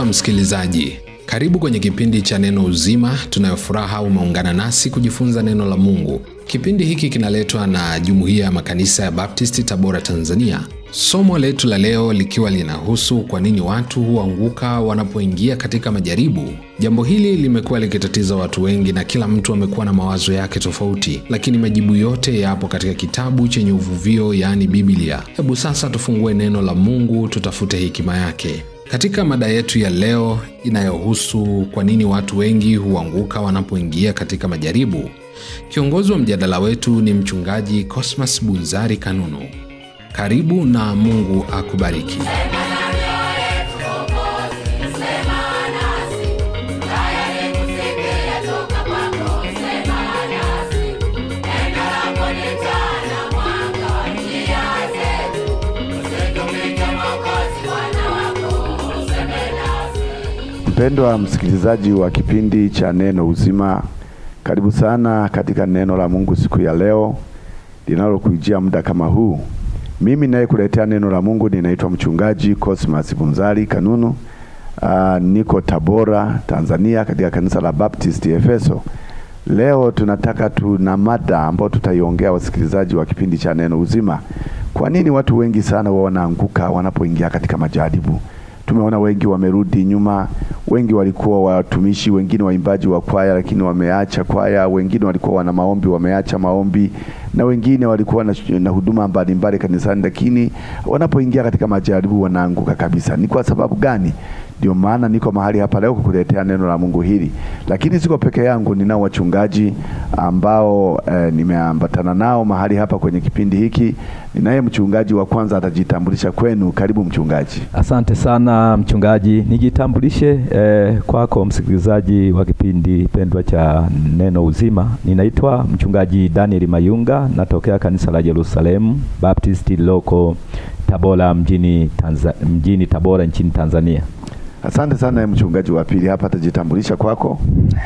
Mpendwa msikilizaji, karibu kwenye kipindi cha Neno Uzima. Tunayofuraha umeungana nasi kujifunza neno la Mungu. Kipindi hiki kinaletwa na Jumuiya ya Makanisa ya Baptisti, Tabora, Tanzania. Somo letu la leo likiwa linahusu kwa nini watu huanguka wanapoingia katika majaribu. Jambo hili limekuwa likitatiza watu wengi na kila mtu amekuwa na mawazo yake tofauti, lakini majibu yote yapo katika kitabu chenye uvuvio, yaani Biblia. Hebu sasa tufungue neno la Mungu, tutafute hekima yake. Katika mada yetu ya leo inayohusu kwa nini watu wengi huanguka wanapoingia katika majaribu, kiongozi wa mjadala wetu ni Mchungaji Cosmas Bunzari Kanunu. Karibu na Mungu akubariki. Mpendwa msikilizaji wa kipindi cha Neno Uzima, karibu sana katika neno la Mungu siku ya leo linalokujia muda kama huu. Mimi nayekuletea neno la Mungu ninaitwa mchungaji Cosmas Bunzali Kanunu. Uh, niko Tabora, Tanzania katika kanisa la Baptist Efeso. Leo tunataka tuna mada ambayo tutaiongea wasikilizaji wa kipindi cha Neno Uzima. Kwa nini watu wengi sana wanaanguka wanapoingia katika majaribu? Tumeona wengi wamerudi nyuma, wengi walikuwa watumishi, wengine waimbaji wa kwaya, lakini wameacha kwaya, wengine walikuwa wana maombi, wameacha maombi, na wengine walikuwa na, na huduma mbalimbali kanisani, lakini wanapoingia katika majaribu wanaanguka kabisa. Ni kwa sababu gani? Ndio maana niko mahali hapa leo kukuletea neno la Mungu hili, lakini siko peke yangu, ninao wachungaji ambao e, nimeambatana nao mahali hapa kwenye kipindi hiki. Ninaye mchungaji wa kwanza, atajitambulisha kwenu. Karibu mchungaji. Asante sana mchungaji, nijitambulishe e, kwako msikilizaji wa kipindi pendwa cha Neno Uzima. Ninaitwa mchungaji Daniel Mayunga, natokea kanisa la Jerusalemu Baptist loko Tabora mjini, Tanzania, mjini Tabora nchini Tanzania. Asante sana mchungaji wa pili hapa, tajitambulisha kwako.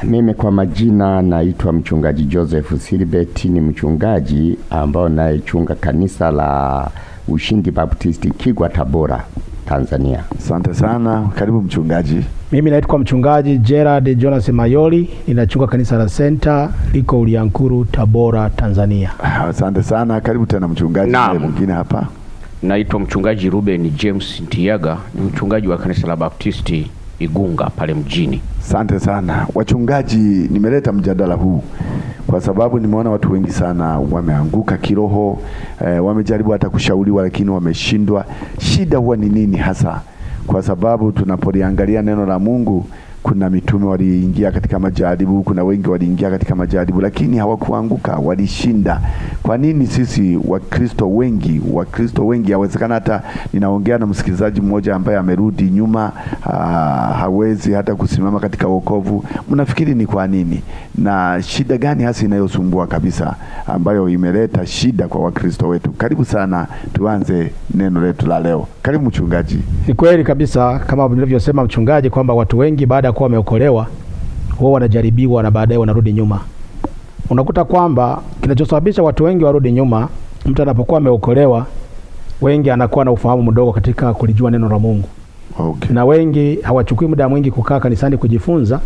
Mimi kwa majina naitwa mchungaji Joseph Silibeti, ni mchungaji ambao nayechunga kanisa la Ushindi Baptisti Kigwa, Tabora, Tanzania. Asante sana, karibu mchungaji. Mimi naitwa mchungaji Gerard Jonas Mayoli, ninachunga kanisa la Center liko Uliankuru, Tabora, Tanzania. Asante sana, karibu tena mchungaji mwingine hapa. Naitwa mchungaji Ruben James Ntiyaga, ni mchungaji wa kanisa la Baptisti Igunga pale mjini. Asante sana wachungaji, nimeleta mjadala huu kwa sababu nimeona watu wengi sana wameanguka kiroho eh, wamejaribu hata kushauriwa lakini wameshindwa. Shida huwa ni nini hasa? Kwa sababu tunapoliangalia neno la Mungu kuna mitume waliingia katika majaribu, kuna wengi waliingia katika majaribu, lakini hawakuanguka, walishinda. Kwa nini sisi Wakristo wengi Wakristo wengi hawezekana? Hata ninaongea na msikilizaji mmoja ambaye amerudi nyuma, ah, hawezi hata kusimama katika wokovu. Mnafikiri ni kwa nini, na shida gani hasa inayosumbua kabisa, ambayo imeleta shida kwa Wakristo wetu? Karibu sana, tuanze neno letu la leo. Karibu mchungaji. Ni kweli kabisa kama nilivyosema mchungaji, kwamba watu wengi baada ya kuwa wameokolewa wao wanajaribiwa na baadaye wanarudi nyuma. Unakuta kwamba kinachosababisha watu wengi warudi nyuma, mtu anapokuwa ameokolewa, wengi anakuwa na ufahamu mdogo katika kulijua neno la Mungu. Okay. Na wengi hawachukui muda mwingi kukaa kanisani kujifunza.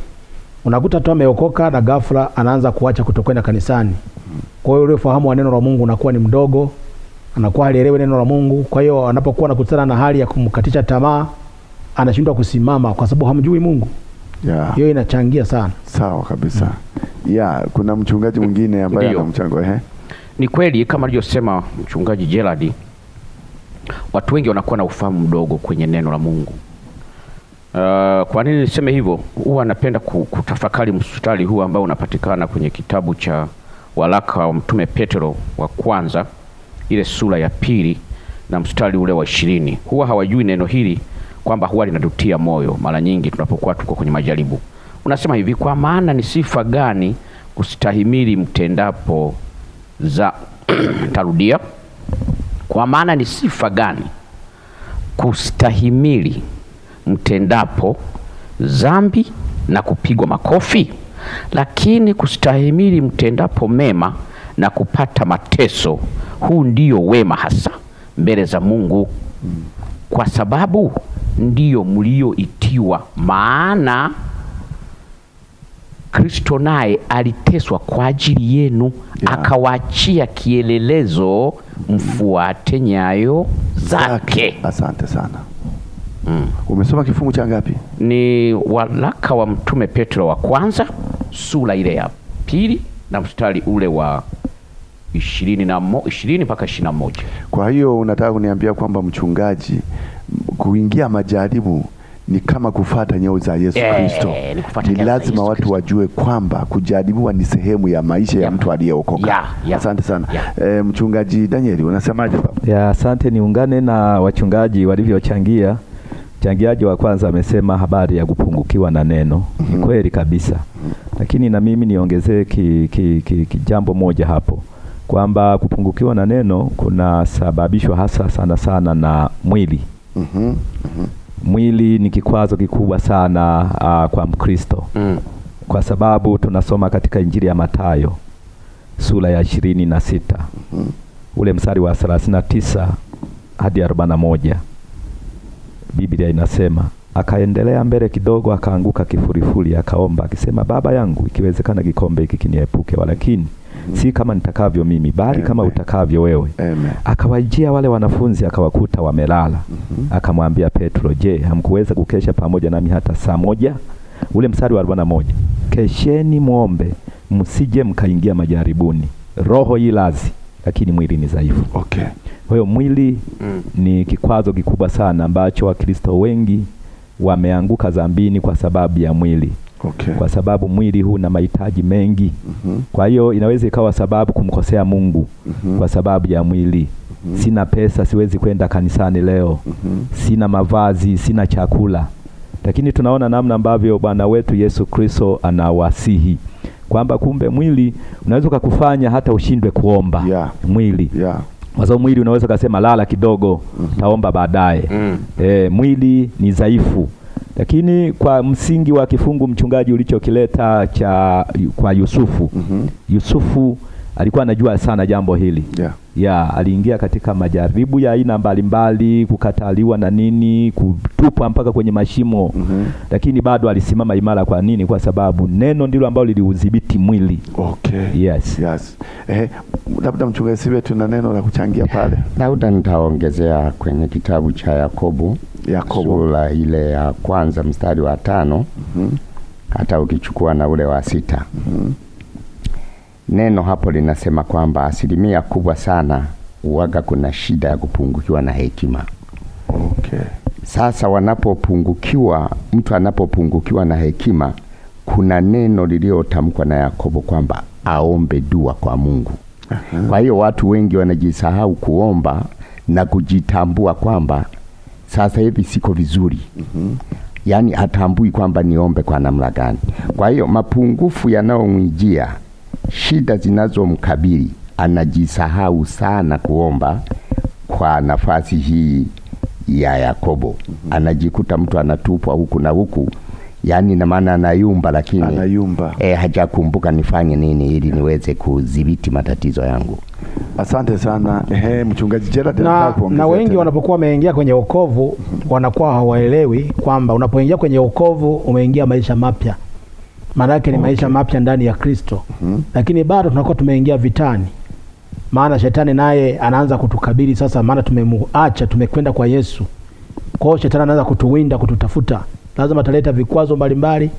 Unakuta tu ameokoka na ghafla anaanza kuacha kutokwenda kanisani. Kwa hiyo ule ufahamu wa neno la Mungu unakuwa ni mdogo anakuwa alielewe neno la Mungu. Kwa hiyo anapokuwa anakutana na hali ya kumkatisha tamaa, anashindwa kusimama kwa sababu hamjui Mungu. Yeah. Hiyo inachangia sana. Sawa kabisa. Mm. Yeah, kuna mchungaji mwingine ambaye ana mchango ehe. Ni kweli kama alivyosema mchungaji Gerald, watu wengi wanakuwa na ufahamu mdogo kwenye neno la Mungu. Uh, kwa nini niseme hivyo? Huwa napenda kutafakari mstari huu ambao unapatikana kwenye kitabu cha waraka wa Mtume Petro wa kwanza ile sura ya pili na mstari ule wa ishirini. Huwa hawajui neno hili kwamba huwa linatutia moyo mara nyingi tunapokuwa tuko kwenye majaribu. Unasema hivi, kwa maana ni sifa gani kustahimili mtendapo za tarudia, kwa maana ni sifa gani kustahimili mtendapo dhambi na kupigwa makofi, lakini kustahimili mtendapo mema na kupata mateso huu ndio wema hasa mbele za Mungu, kwa sababu ndiyo mlioitiwa, maana Kristo naye aliteswa kwa ajili yenu, yeah. Akawaachia kielelezo, mfuate nyayo zake. Asante sana. Mm. Umesoma kifungu cha ngapi? Ni waraka wa Mtume Petro wa kwanza sura ile ya pili na mstari ule wa ishirini mpaka ishirini na moja. Kwa hiyo unataka kuniambia kwamba mchungaji, kuingia majaribu ni kama kufata nyeo za Yesu eh, Kristo. ni, lazima watu wajue kwamba kujaribiwa ni sehemu ya maisha yeah, ya mtu aliyeokoka. Yeah, yeah, asante sana yeah. E, mchungaji Danieli unasemaje baba? Yeah, asante niungane na wachungaji walivyochangia. Mchangiaji wa kwanza amesema habari ya kupungukiwa na neno mm -hmm. Ni mhm. kweli kabisa Lakini na mimi niongezee ki, ki, ki, ki, jambo moja hapo kwamba kupungukiwa na neno kunasababishwa hasa sana sana na mwili. mm -hmm, mm -hmm. Mwili ni kikwazo kikubwa sana uh, kwa Mkristo mm. Kwa sababu tunasoma katika Injili ya Mathayo sura ya ishirini na sita mm -hmm. ule msari wa thelathini na tisa hadi arobaini na moja Biblia inasema akaendelea mbele kidogo, akaanguka kifurifuri, akaomba akisema, Baba yangu, ikiwezekana kikombe hiki kiniepuke, walakini si kama nitakavyo mimi bali kama utakavyo wewe. Akawajia wale wanafunzi akawakuta wamelala. mm -hmm. Akamwambia Petro, je, hamkuweza kukesha pamoja nami hata saa moja? Ule mstari wa arobaini na moja kesheni muombe, msije mkaingia majaribuni, roho hii lazi lakini mwili ni dhaifu. Okay. Kwa hiyo mwili mm. ni kikwazo kikubwa sana ambacho Wakristo wengi wameanguka zambini kwa sababu ya mwili okay. Kwa sababu mwili huu na mahitaji mengi mm -hmm. Kwa hiyo inaweza ikawa sababu kumkosea Mungu mm -hmm. Kwa sababu ya mwili mm -hmm. Sina pesa, siwezi kwenda kanisani leo mm -hmm. Sina mavazi, sina chakula, lakini tunaona namna ambavyo Bwana wetu Yesu Kristo anawasihi kwamba kumbe mwili unaweza ukakufanya hata ushindwe kuomba yeah. Mwili yeah. Kwa sababu mwili unaweza ukasema lala kidogo, mm -hmm. taomba baadaye mm -hmm. E, mwili ni dhaifu lakini kwa msingi wa kifungu mchungaji ulichokileta cha kwa Yusufu mm -hmm. Yusufu alikuwa anajua sana jambo hili yeah. Yeah, aliingia katika majaribu ya aina mbalimbali, kukataliwa na nini, kutupwa mpaka kwenye mashimo mm -hmm. Lakini bado alisimama imara. Kwa nini? Kwa sababu neno ndilo ambalo liliudhibiti mwili. Okay. Yes. Yes. Eh, labda mchungaji Sibe, tuna neno la kuchangia pale. Labda nitaongezea kwenye kitabu cha Yakobo Yakobo sura ile ya kwanza mstari wa tano mm -hmm. hata ukichukua na ule wa sita mm -hmm. Neno hapo linasema kwamba asilimia kubwa sana uwaga kuna shida ya kupungukiwa na hekima. Okay. Sasa wanapopungukiwa, mtu anapopungukiwa na hekima, kuna neno liliotamkwa na Yakobo kwamba aombe dua kwa Mungu. Aha. Kwa hiyo watu wengi wanajisahau kuomba na kujitambua kwamba sasa hivi siko vizuri mm-hmm. Yaani hatambui kwamba niombe kwa namna gani. Kwa hiyo mapungufu yanayomwijia, shida zinazomkabili, anajisahau sana kuomba. Kwa nafasi hii ya Yakobo, mm-hmm. anajikuta mtu anatupwa huku na huku yaani na maana anayumba, lakini anayumba. Eh, hajakumbuka nifanye nini ili niweze kudhibiti matatizo yangu. Asante sana. Ehe, mchungaji Gerald na, na wengi wanapokuwa wameingia kwenye wokovu wanakuwa hawaelewi kwamba unapoingia kwenye wokovu umeingia maisha mapya, maana yake ni okay, maisha mapya ndani ya Kristo. mm -hmm. Lakini bado tunakuwa tumeingia vitani, maana shetani naye anaanza kutukabili sasa, maana tumemuacha, tumekwenda kwa Yesu. Kwa hiyo shetani anaanza kutuwinda, kututafuta lazima ataleta vikwazo mbalimbali.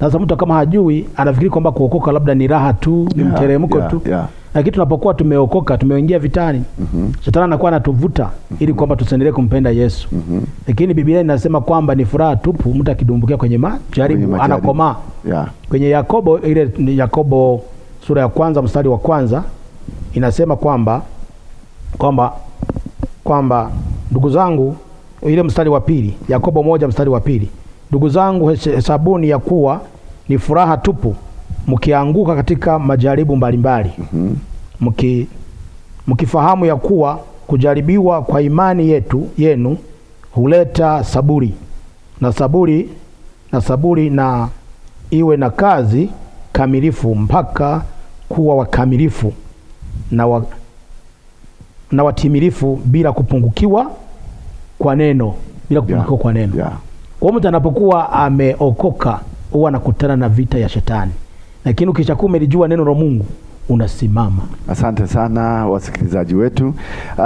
Sasa mtu kama hajui anafikiri kwamba kuokoka labda ni raha tu, ni yeah, mteremko yeah, tu yeah. Lakini tunapokuwa tumeokoka, tumeingia vitani mm -hmm. Shetani anakuwa anatuvuta mm -hmm. ili kwamba tusiendelee kumpenda Yesu mm -hmm. Lakini Biblia inasema kwamba ni furaha tupu mtu akidumbukia kwenye majaribu anakomaa yeah. Kwenye Yakobo, ile ni Yakobo sura ya kwanza mstari wa kwanza inasema kwamba kwamba kwamba ndugu zangu, ile mstari wa pili, Yakobo moja mstari wa pili Ndugu zangu, hesabuni ya kuwa ni furaha tupu mkianguka katika majaribu mbalimbali -hmm. mkifahamu ya kuwa kujaribiwa kwa imani yetu yenu huleta saburi na saburi na saburi na iwe na kazi kamilifu mpaka kuwa wakamilifu na, wa, na watimilifu bila kupungukiwa kwa neno bila kupungukiwa yeah. kwa neno yeah. Kwa mtu anapokuwa ameokoka huwa anakutana na vita ya shetani, lakini ukishakuwa umelijua neno la Mungu unasimama. Asante sana wasikilizaji wetu. Uh,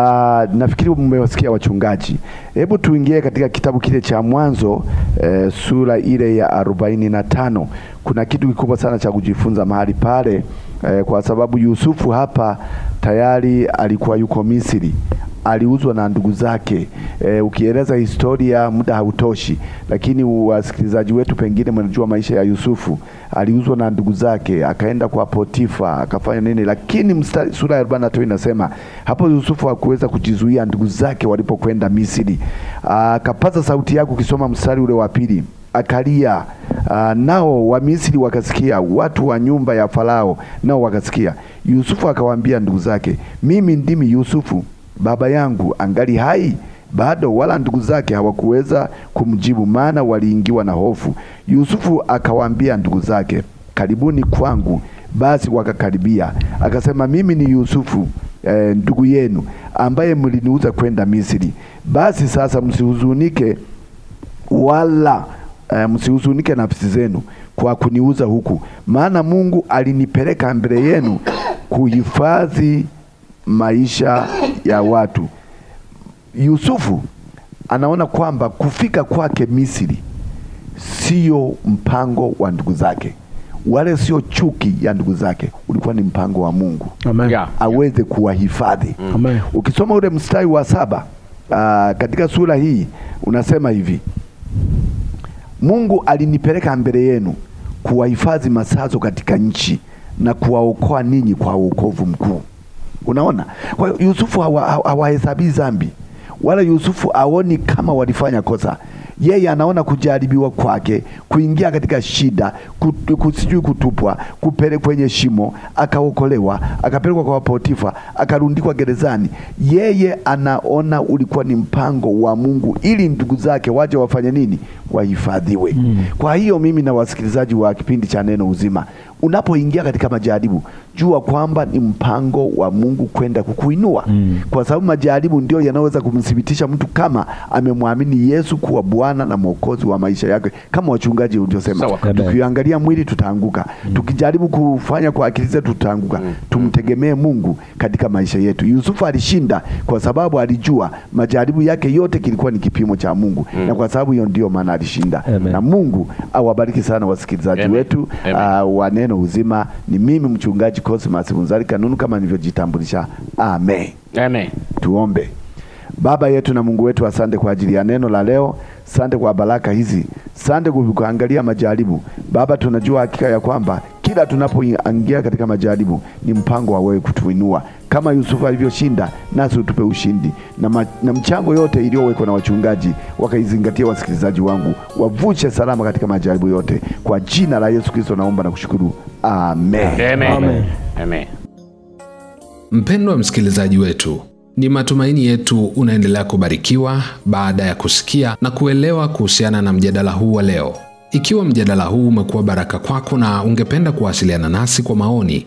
nafikiri mmewasikia wachungaji. Hebu tuingie katika kitabu kile cha Mwanzo eh, sura ile ya arobaini na tano. Kuna kitu kikubwa sana cha kujifunza mahali pale eh, kwa sababu Yusufu hapa tayari alikuwa yuko Misri aliuzwa na ndugu zake. E, ukieleza historia muda hautoshi, lakini wasikilizaji wetu pengine mnajua maisha ya Yusufu. Aliuzwa na ndugu zake akaenda kwa Potifa akafanya nini, lakini mstari, sura ya 43 inasema hapo Yusufu hakuweza kujizuia ndugu zake walipokwenda Misri, ah, akapaza sauti yake, ukisoma mstari ule wa pili akalia Uh, nao Wamisri wakasikia, watu wa nyumba ya Farao nao wakasikia. Yusufu akawaambia ndugu zake, mimi ndimi Yusufu, baba yangu angali hai bado? Wala ndugu zake hawakuweza kumjibu, maana waliingiwa na hofu. Yusufu akawaambia ndugu zake, karibuni kwangu. Basi wakakaribia. Akasema, mimi ni Yusufu eh, ndugu yenu ambaye mliniuza kwenda Misri. Basi sasa msihuzunike wala uh, eh, msihuzunike nafsi zenu kwa kuniuza huku, maana Mungu alinipeleka mbele yenu kuhifadhi maisha ya watu. Yusufu anaona kwamba kufika kwake Misri sio mpango wa ndugu zake wale sio chuki ya ndugu zake, ulikuwa ni mpango wa Mungu Amen. aweze kuwahifadhi mm. Ukisoma ule mstari wa saba uh, katika sura hii unasema hivi Mungu alinipeleka mbele yenu kuwahifadhi masazo katika nchi na kuwaokoa ninyi kwa wokovu mkuu. Unaona, kwa hiyo Yusufu hawahesabii hawa dhambi, wala Yusufu aoni kama walifanya kosa yeye anaona kujaribiwa kwake, kuingia katika shida, kusijui kutupwa, kupele kwenye shimo, akaokolewa, akapelekwa kwa Potifa, akarundikwa gerezani. Yeye anaona ulikuwa ni mpango wa Mungu ili ndugu zake waje wafanye nini? Wahifadhiwe. Mm. Kwa hiyo mimi na wasikilizaji wa kipindi cha Neno Uzima unapoingia katika majaribu jua kwamba ni mpango wa Mungu kwenda kukuinua mm. Kwa sababu majaribu ndio yanaweza kumthibitisha mtu kama amemwamini Yesu kuwa Bwana na Mwokozi wa maisha yake, kama wachungaji ulivyosema. Tukiangalia mwili tutaanguka mm. Tukijaribu kufanya kwa akili zetu tutaanguka mm. Tumtegemee Mungu katika maisha yetu. Yusufu alishinda kwa sababu alijua majaribu yake yote kilikuwa ni kipimo cha Mungu mm. Na kwa sababu hiyo ndio maana alishinda Amen. Na Mungu awabariki sana wasikilizaji wetu uh, wa neno neno uzima. Ni mimi mchungaji Cosmas Munzari Kanunu kama nilivyojitambulisha. Amen. Amen. Tuombe. Baba yetu na Mungu wetu, asante kwa ajili ya neno la leo, sante kwa baraka hizi, sante kuangalia majaribu. Baba, tunajua hakika ya kwamba kila tunapoingia katika majaribu ni mpango wa wewe kutuinua kama Yusufu alivyoshinda, nasi utupe ushindi na, ma, na mchango yote iliyowekwa na wachungaji wakaizingatia, wasikilizaji wangu wavushe salama katika majaribu yote, kwa jina la Yesu Kristo naomba na kushukuru amen. Amen. Amen. Amen. Mpendwa msikilizaji wetu, ni matumaini yetu unaendelea kubarikiwa baada ya kusikia na kuelewa kuhusiana na mjadala huu wa leo. Ikiwa mjadala huu umekuwa baraka kwako na ungependa kuwasiliana nasi kwa maoni